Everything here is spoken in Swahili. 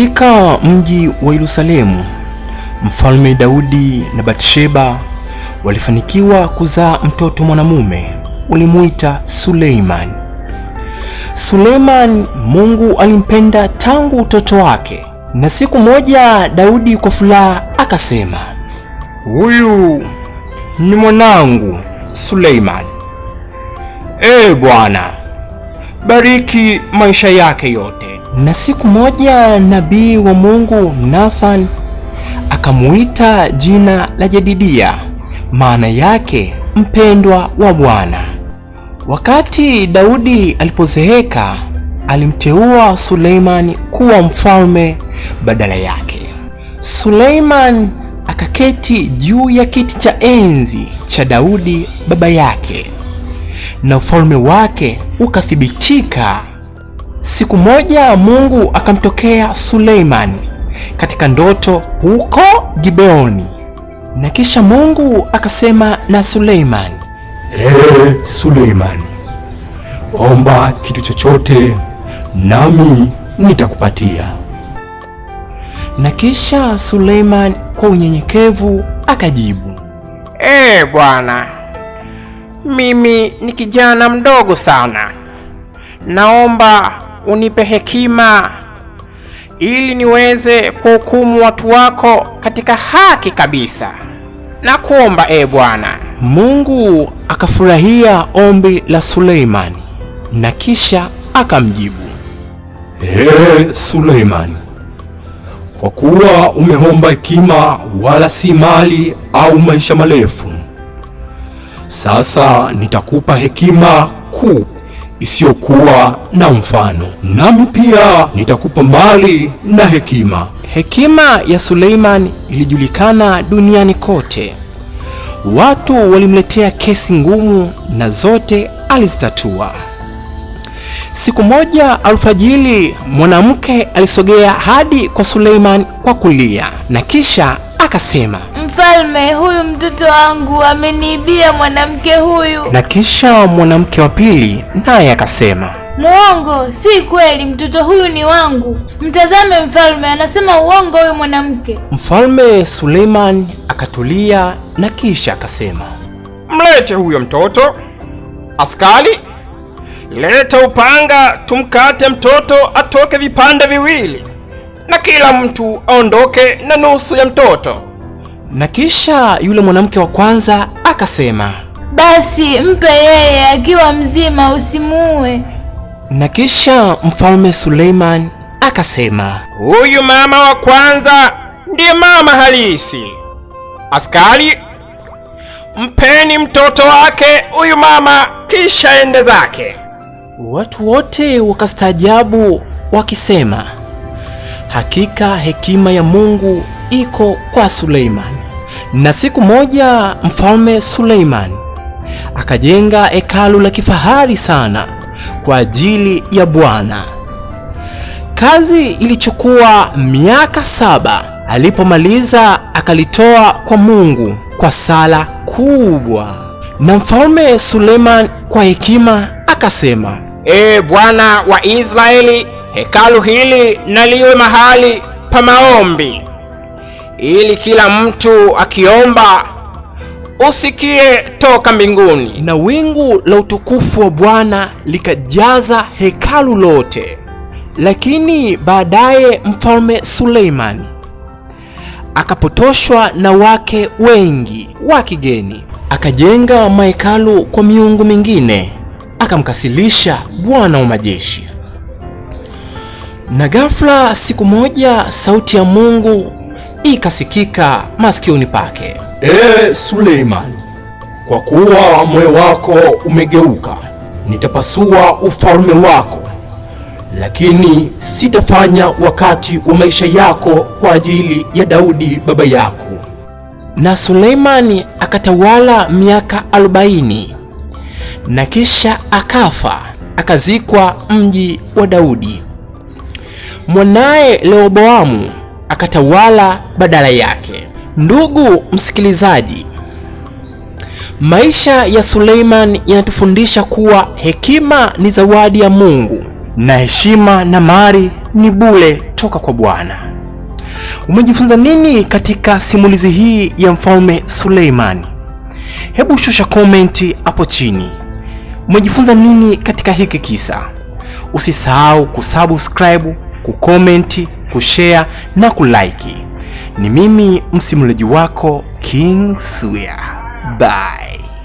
Katika mji wa Yerusalemu, Mfalme Daudi na Bathsheba walifanikiwa kuzaa mtoto mwanamume, walimuita Suleiman. Suleiman Mungu alimpenda tangu utoto wake, na siku moja Daudi kwa furaha akasema, huyu ni mwanangu Suleiman. Ee Bwana, bariki maisha yake yote. Na siku moja nabii wa Mungu Nathan akamuita jina la Jedidia, maana yake mpendwa wa Bwana. Wakati Daudi alipozeeka, alimteua Suleiman kuwa mfalme badala yake. Suleiman akaketi juu ya kiti cha enzi cha Daudi baba yake, na ufalme wake ukathibitika. Siku moja Mungu akamtokea suleiman katika ndoto huko Gibeoni, na kisha Mungu akasema na suleiman Ee Suleiman, omba kitu chochote nami nitakupatia. Na kisha suleiman kwa unyenyekevu akajibu, Ee Bwana, mimi ni kijana mdogo sana, naomba unipe hekima ili niweze kuhukumu watu wako katika haki kabisa. Na kuomba e Bwana Mungu. Akafurahia ombi la Suleimani na kisha akamjibu, Ee Suleimani, kwa kuwa umeomba hekima, wala si mali au maisha marefu, sasa nitakupa hekima kuu isiyokuwa na mfano, nami pia nitakupa mali na hekima. Hekima ya Suleiman ilijulikana duniani kote. Watu walimletea kesi ngumu na zote alizitatua. Siku moja alfajili mwanamke alisogea hadi kwa Suleiman kwa kulia na kisha akasema Mfalme, huyu mtoto wangu ameniibia mwanamke huyu. Na kisha mwanamke wa pili naye akasema, muongo, si kweli, mtoto huyu ni wangu. Mtazame mfalme, anasema uongo huyu mwanamke. Mfalme Suleiman akatulia na kisha akasema, mlete huyo mtoto. Askari, leta upanga, tumkate mtoto atoke vipande viwili, na kila mtu aondoke na nusu ya mtoto na kisha yule mwanamke wa kwanza akasema, basi mpe yeye akiwa mzima, usimuue. Na kisha mfalme Suleiman akasema, huyu mama wa kwanza ndiye mama halisi. Askari, mpeni mtoto wake huyu mama, kisha ende zake. Watu wote wakastaajabu wakisema, hakika hekima ya Mungu iko kwa Suleiman. Na siku moja Mfalme Suleiman akajenga hekalu la kifahari sana kwa ajili ya Bwana. Kazi ilichukua miaka saba. Alipomaliza akalitoa kwa Mungu kwa sala kubwa, na Mfalme Suleiman kwa hekima akasema, Ee Bwana wa Israeli, hekalu hili na liwe mahali pa maombi ili kila mtu akiomba usikie toka mbinguni. Na wingu la utukufu wa Bwana likajaza hekalu lote. Lakini baadaye mfalme Suleimani akapotoshwa na wake wengi wa kigeni, akajenga mahekalu kwa miungu mingine, akamkasilisha Bwana wa majeshi. Na ghafla siku moja sauti ya Mungu ikasikika masikioni pake. e suleiman kwa kuwa moyo wako umegeuka, nitapasua ufalme wako, lakini sitafanya wakati wa maisha yako kwa ajili ya Daudi baba yako. Na Suleimani akatawala miaka arobaini na kisha akafa, akazikwa mji wa Daudi. Mwanaye Rehoboamu akatawala badala yake. Ndugu msikilizaji, maisha ya Suleiman yanatufundisha kuwa hekima ni zawadi ya Mungu na heshima na mali ni bure toka kwa Bwana. Umejifunza nini katika simulizi hii ya mfalme suleiman Hebu shusha komenti hapo chini. Umejifunza nini katika hiki kisa? Usisahau kusubscribe kukomenti, kushare na kulike. Ni mimi msimulaji wako King Suya. Bye.